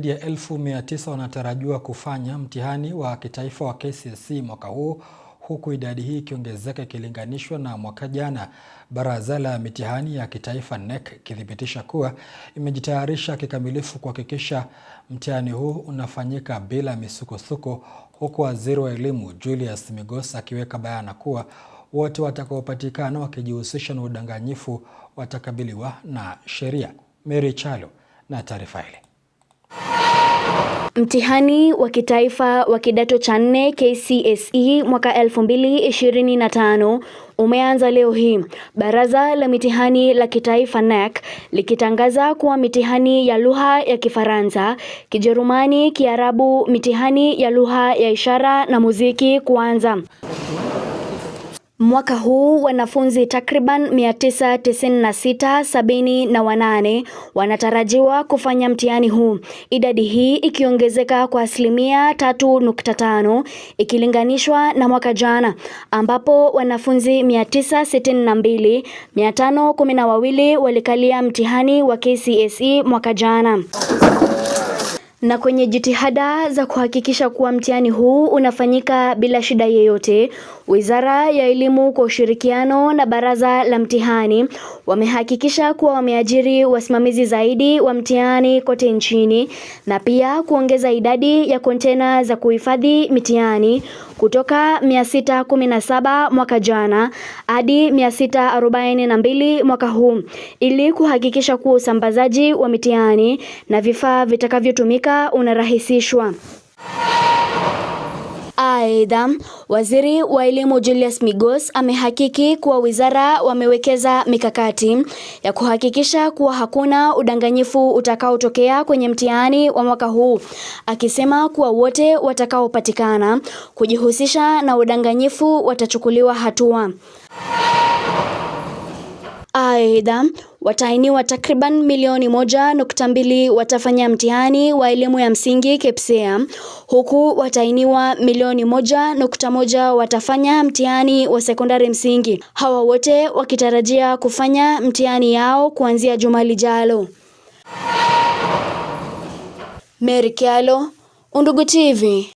Zaidi ya elfu mia tisa wanatarajiwa kufanya mtihani wa kitaifa wa KCSE mwaka huu huku idadi hii ikiongezeka ikilinganishwa na mwaka jana. Baraza la Mitihani ya Kitaifa KNEC ikithibitisha kuwa imejitayarisha kikamilifu kuhakikisha mtihani huu unafanyika bila misukosuko, huku Waziri wa Elimu Julius Migos akiweka bayana kuwa wote watakaopatikana wakijihusisha na udanganyifu watakabiliwa na sheria. Mary Kyalo na taarifa ile. Mtihani wa kitaifa wa kidato cha nne KCSE mwaka 2025 umeanza leo hii, baraza la mitihani la kitaifa KNEC likitangaza kuwa mitihani ya lugha ya Kifaransa, Kijerumani, Kiarabu, mitihani ya lugha ya ishara na muziki kuanza. Mwaka huu wanafunzi takriban 996 sabini na wanane wanatarajiwa kufanya mtihani huu, idadi hii ikiongezeka kwa asilimia 3.5 ikilinganishwa na mwaka jana ambapo wanafunzi 962 512 walikalia mtihani wa KCSE mwaka jana. Na kwenye jitihada za kuhakikisha kuwa mtihani huu unafanyika bila shida yeyote, Wizara ya Elimu kwa ushirikiano na Baraza la Mtihani wamehakikisha kuwa wameajiri wasimamizi zaidi wa mtihani kote nchini na pia kuongeza idadi ya kontena za kuhifadhi mitihani kutoka 617 mwaka jana hadi 642 mwaka huu ili kuhakikisha kuwa usambazaji wa mitihani na vifaa vitakavyotumika sasa unarahisishwa. Aidha, waziri wa elimu Julius Migos amehakiki kuwa wizara wamewekeza mikakati ya kuhakikisha kuwa hakuna udanganyifu utakaotokea kwenye mtihani wa mwaka huu, akisema kuwa wote watakaopatikana kujihusisha na udanganyifu watachukuliwa hatua. Aidha, watahiniwa takriban milioni moja nukta mbili watafanya mtihani wa elimu ya msingi KPSEA, huku watahiniwa milioni moja nukta moja watafanya mtihani wa sekondari msingi, hawa wote wakitarajia kufanya mtihani yao kuanzia juma lijalo. Mary Kyalo, Undugu TV.